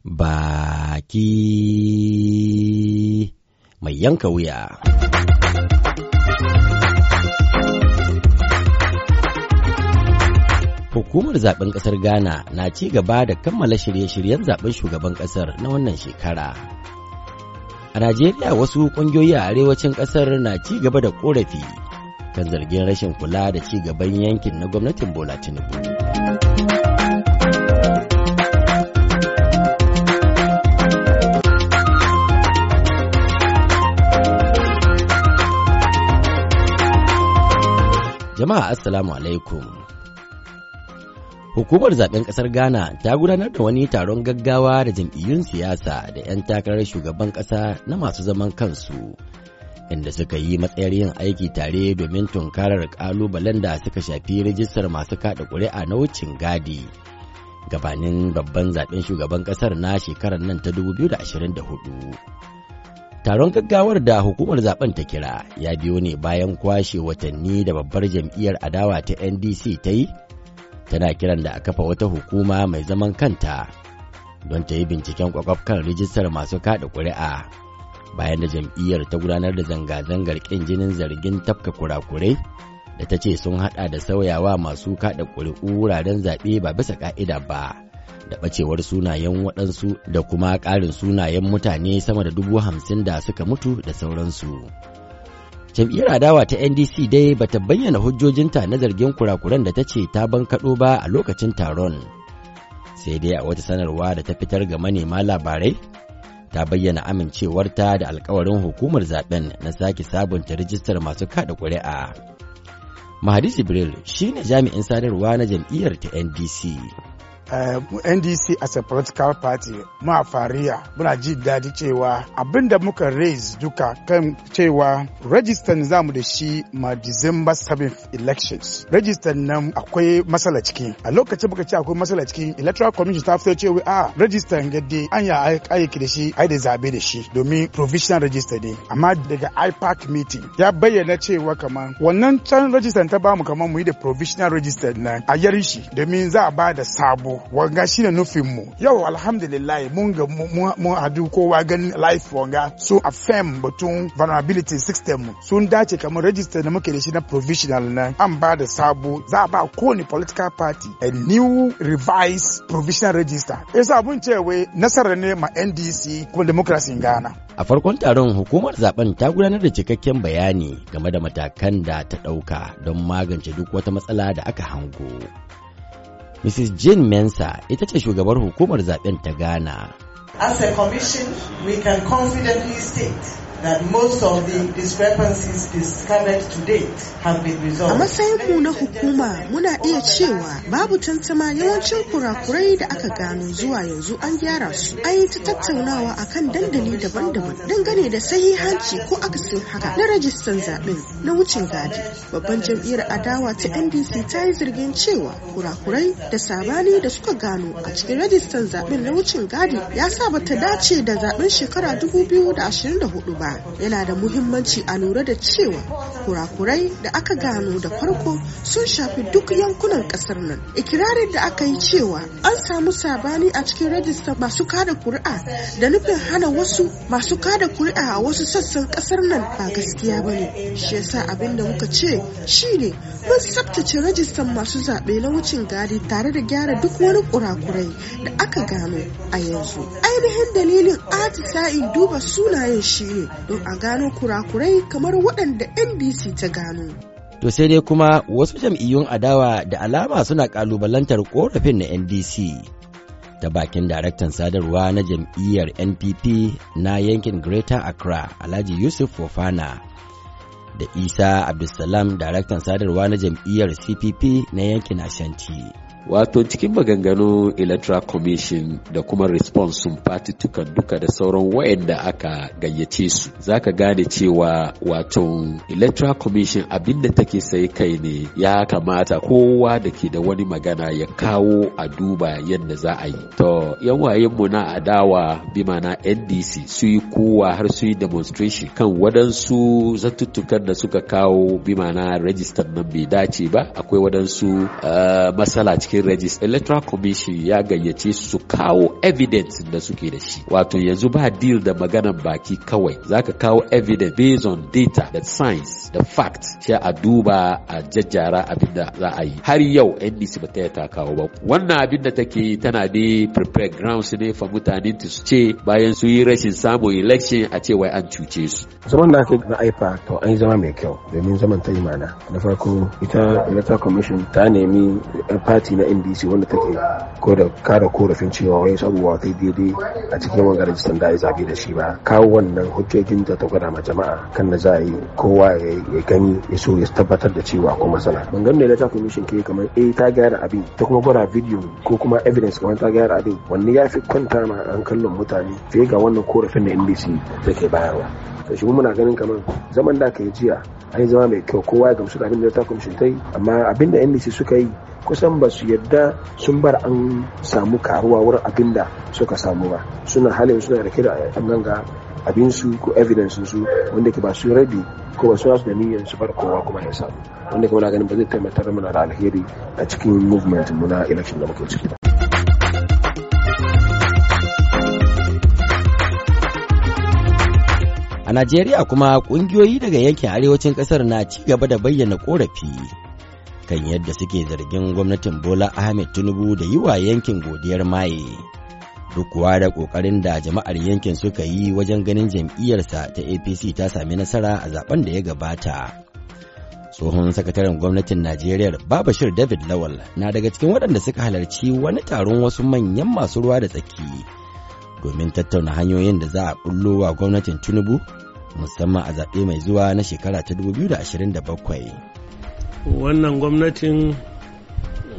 baki mai yanka wuya. Hukumar zaben ƙasar Ghana na ci gaba da kammala shirye-shiryen zaben shugaban ƙasar na wannan shekara. A Najeriya wasu ƙungiyoyi a arewacin ƙasar na ci gaba da ƙorafi kan zargin rashin kula da ci gaban yankin na gwamnatin Bola Tinubu. Jama'a Assalamu alaikum. Hukumar zaben kasar Ghana ta gudanar da wani taron gaggawa da jam'iyyun siyasa da 'yan takarar shugaban kasa na masu zaman kansu, inda suka yi matsayar yin aiki tare domin tunkarar kalubalen da suka shafi rijistar masu kada ƙuri'a na wucin gadi. Gabanin babban zaben shugaban kasar na shekarar nan ta 2024. Taron gaggawar da hukumar zaben ta kira ya biyo ne bayan kwashe watanni da babbar jam'iyyar adawa ta NDC ta yi, tana kiran da a kafa wata hukuma mai zaman kanta don ta yi binciken kwakwafkan kan rijistar masu kaɗa ƙuri'a. Bayan da jam'iyyar ta gudanar da zanga-zangar ƙin jinin zargin tafka kurakurai da ta ce sun haɗa da sauyawa masu kaɗa ƙuri'u wuraren zaɓe ba bisa ƙa'ida ba. da ɓacewar sunayen waɗansu da kuma ƙarin sunayen mutane sama da dubu hamsin da suka mutu da sauransu. Jam'iyyar adawa ta NDC dai bata bayyana hujjojinta na zargin kurakuran da ta ce ta bankaɗo ba a lokacin taron. Sai dai a wata sanarwa da ta fitar ga manema labarai, ta bayyana amincewarta da alkawarin hukumar zaben na sake sabunta rijistar masu kada ƙuri'a. Mahadi Jibril shine jami'in sadarwa na jam'iyyar ta NDC. Uh, eh, ndc as a political party ma fariya muna ji daɗi cewa abinda muka raise duka kan cewa register za zamu da shi ma december 7th elections register nan akwai matsala ciki a lokacin muka ce akwai matsala ciki electoral commission ta fito cewa a ah, rajistan gaddi an ya aiki da shi ai da zabe da shi domin provisional register ne amma daga ipac meeting ya bayyana cewa kamar wannan can register ta bamu kamar mu yi da provisional register nan a yari shi domin za a ba da sabo wanga shine nufin mu yau alhamdulillah mun ga mun hadu kowa ganin life wanga sun affirm batun vulnerability system sun dace kamar register da muke da shi na provisional na an ba da sabo za a ba kowane political party a new revised provisional register yasa abun cewa nasara ne ma NDC kuma democracy Ghana a farkon taron hukumar zaben ta gudanar da cikakken bayani game da matakan da ta ɗauka don magance duk wata matsala da aka hango Mrs. Jane Mensa ita ce shugabar hukumar zaben ta Ghana. As a commission, we can confidently state A matsayinmu na hukuma muna iya cewa babu tantama yawancin kurakurai da aka gano zuwa yanzu an gyara su. ayi ta tattaunawa a kan dandali daban-daban dangane da sahihanci ko akasin haka na rajistan zaɓen na wucin gadi. Babban jam'iyyar adawa ta NDC ta yi zargin cewa kurakurai da sabani da suka gano a cikin rajistan zaɓen na wucin gadi ya sa bata dace da zaɓen shekara da hudu ba. haka yana da muhimmanci a lura da cewa kurakurai da aka gano da farko sun shafi duk yankunan kasar nan ikirarin da aka yi cewa an samu sabani a cikin rajista masu kada kuri'a da nufin hana wasu masu kada kuri'a a wasu sassan kasar nan ba gaskiya ba ne shi yasa abin da muka ce shine mun tsabtace rajistan masu zaɓe na wucin gadi tare da gyara duk wani kurakurai da aka gano a yanzu ainihin dalilin sa'in duba sunayen shine don a gano kurakurai kamar waɗanda ndc ta gano to sai dai kuma wasu jam'iyyun adawa da alama suna kalubalantar korafin na ndc ta bakin daraktan sadarwa na jam'iyyar npp na yankin greater accra alhaji yusuf fofana da isa abdulsalam daraktan sadarwa na jam'iyyar cpp na yankin ashanti wato cikin maganganu electoral commission da kuma response sun tukan duka da sauran wayanda aka gayyace su zaka gane cewa wato electoral commission abinda take sai kai ne ya kamata kowa da ke da wani magana ya kawo a duba yadda za a yi to yan mu na adawa bi mana ndc su yi kowa har su yi demonstration kan waɗansu zatuttukan da suka kawo bi mana register nan bai dace ba akwai wadansu uh, eh, matsala cikin rajista electoral commission ya gayyace su kawo evidence da suke da shi wato yanzu ba deal da maganan baki kawai zaka kawo evidence based on data da science da fact sai a duba a jajjara abin da za a yi har yau ndc ba ta ta kawo ba wannan abin da take yi tana ne prepare grounds ne fa mutanen ta su ce bayan su yi rashin samun election a ce wai an cuce su zaman da aka na aifa to an yi zama mai kyau domin zaman ta imana na farko ita electoral commission ta nemi eh, party na ndc wanda take ko da kara korafin cewa wani abubuwa ta daidai a cikin wanga rajistan da ya zabe da shi ba kawo wannan hujjojin da ta gwada ma jama'a kan na za a yi kowa ya gani ya so ya tabbatar da cewa ko masana. ban gani da ta commission ke kamar a eh, ta gyara abin ta kuma gwada video ko kuma evidence kamar ta gyara abin wanne ya fi kwanta ma an kallon mutane fiye ga wannan korafin da ndc take bayarwa to shi muna ganin kamar zaman da ka yi jiya a yi zama mai kyau kowa ya gamsu da abin da ta commission ta yi amma abin da ndc suka yi kusan ba su yadda sun bar an samu karuwa wurin abin da suka samu ba suna halin suna rake da ganga abinsu ko evidence su wanda ke ba su rabi ko ba su wasu da niyyar su bar kowa kuma ya samu wanda ke muna ganin ba zai taimakar mana da alheri a cikin movement mu na election da muke ciki ba A Najeriya kuma kungiyoyi daga yankin arewacin kasar na ci gaba da bayyana korafi kan yadda suke zargin gwamnatin Bola Ahmed Tinubu da yi wa yankin godiyar maye. Duk kuwa da ƙoƙarin da jama'ar yankin suka yi wajen ganin jam'iyyarsa ta APC ta sami nasara a zaben da ya gabata. Tsohon sakataren gwamnatin Najeriya Babashir David Lawal na daga cikin waɗanda suka halarci wani taron wasu manyan masu ruwa da tsaki domin tattauna hanyoyin da za a ɓullo wa gwamnatin Tinubu musamman a zaɓe mai zuwa na shekara ta 2027. wannan gwamnatin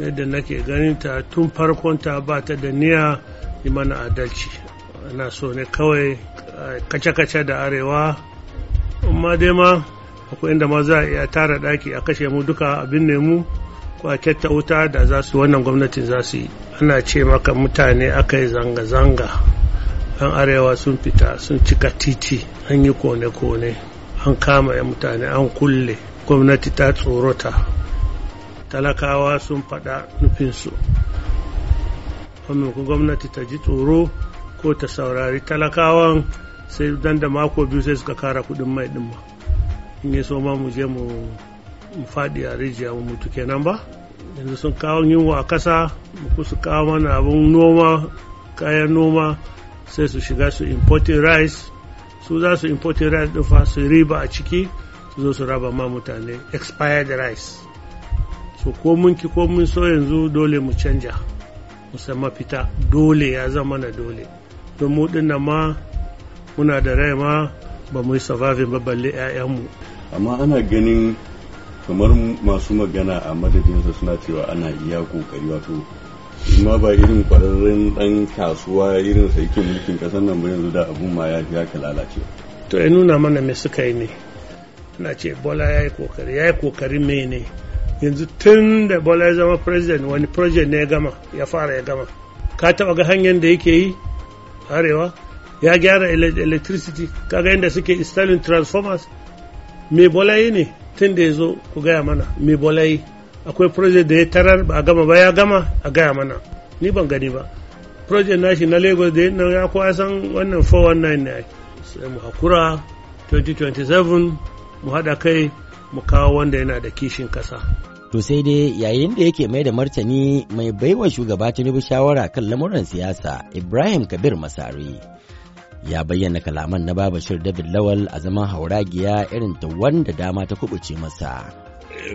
yadda nake ganin ta tun farkon ta ba ta da niyya yi mana adalci ana so ne kawai eh, kace-kace da arewa amma dai ma akwai inda ma za a iya tara daki a kashe mu duka abin nemu mu ko a kyatta wuta da za su wannan gwamnatin za su yi ana ce maka mutane aka yi zanga-zanga an arewa sun fita sun cika titi an yi kone-kone an kama 'yan mutane an kulle gwamnati ta tsorota talakawa sun faɗa nufinsu ku gwamnati ta ji tsoro ko ta saurari talakawan sai dan da mako biyu sai suka kara kuɗin mai ɗin ma in yi so ma mu je mu faɗi a rijiya mu mutu kenan ba yanzu sun kawo yunwa a kasa Mu kusa kawo mana abin noma kayan noma sai su shiga su importing rice su za su importing rice ɗin fa su riba a ciki zo su raba ma mutane expired rice so ko mun ki ko mun so yanzu dole mu canja musamman fita dole ya zama na dole don mu din ma muna da rai ma ba mu yi survive ba balle mu. amma ana ganin kamar masu magana a madadinsa suna cewa ana iya kokari wato ma ba irin kwararren dan kasuwa irin sa yake mulkin kasar nan ba yanzu da abun ma ya fi haka lalace to ya nuna mana me suka yi ne suna ce bola ya yi kokari ya yi kokari mene yanzu tun da bola ya zama president wani project ne ya gama ya fara ya gama ka taba ga hanyar da yake yi arewa ya gyara electricity kaga yadda suke installing transformers me bola yi ne tun da ya zo ku gaya mana me bola yi akwai project da ya tarar ba a gama ba ya gama a gaya mana ni ban gani ba project nashi na lagos da ya kowa san wannan 419 ne sai mu hakura 2027 mu haɗa kai mu kawo wanda yana da kishin ƙasa. To sai dai yayin da yake mai da martani mai baiwa shugaba Tinubu shawara kan lamuran siyasa Ibrahim Kabir Masari ya bayyana kalaman na Babashir David Lawal a zaman hauragiya irin ta wanda dama ta kubuce masa.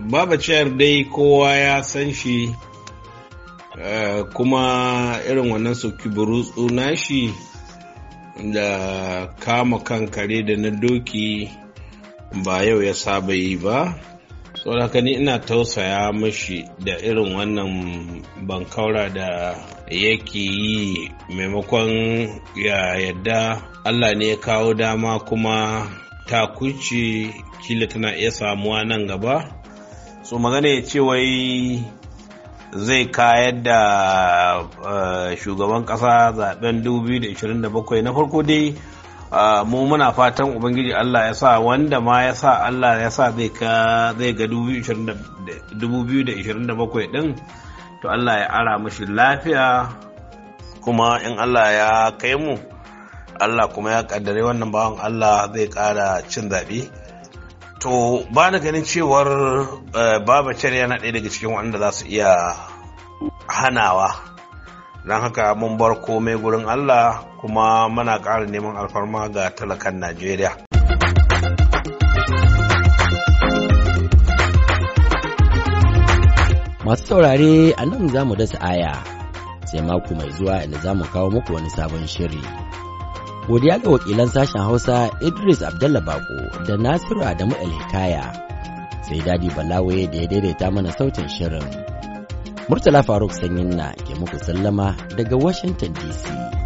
Babashir dai kowa ya san shi eh, kuma irin wannan soki burutsu nashi da kama kan kare da na doki ba yau ya saba yi ba saboda ni ina tausaya mashi da irin wannan bankaura da yake yi maimakon ya yadda allah ne ya kawo dama kuma takunci kila tana iya samuwa nan gaba so magana ya ce wai zai kayar da eh, shugaban kasa zaben 2027 na farko dai Ah, mu muna fatan ubangiji Allah ya sa wanda ma ya sa Allah ya sa zai ka zai ga 2027 din to Allah ya ara mashi lafiya kuma in Allah ya kai mu Allah kuma ya kaddare wannan bawan Allah zai kara cin zaɓe to ba na ganin cewar eh, babacar yana ɗaya daga cikin wanda za su iya hanawa don haka mun bar komai gurin Allah kuma muna ƙara neman alfarma ga talakan Najeriya. Masu saurare a nan za mu dasa aya sai mako mai zuwa inda za mu kawo muku wani sabon shiri. Godiya ga wakilan sashen Hausa Idris Abdalla Bako da Nasiru Adamu El Hikaya sai Dadi Balawaye da ya daidaita mana sautin shirin. Murtala Faruk Sanyin na ke muku sallama daga Washington DC.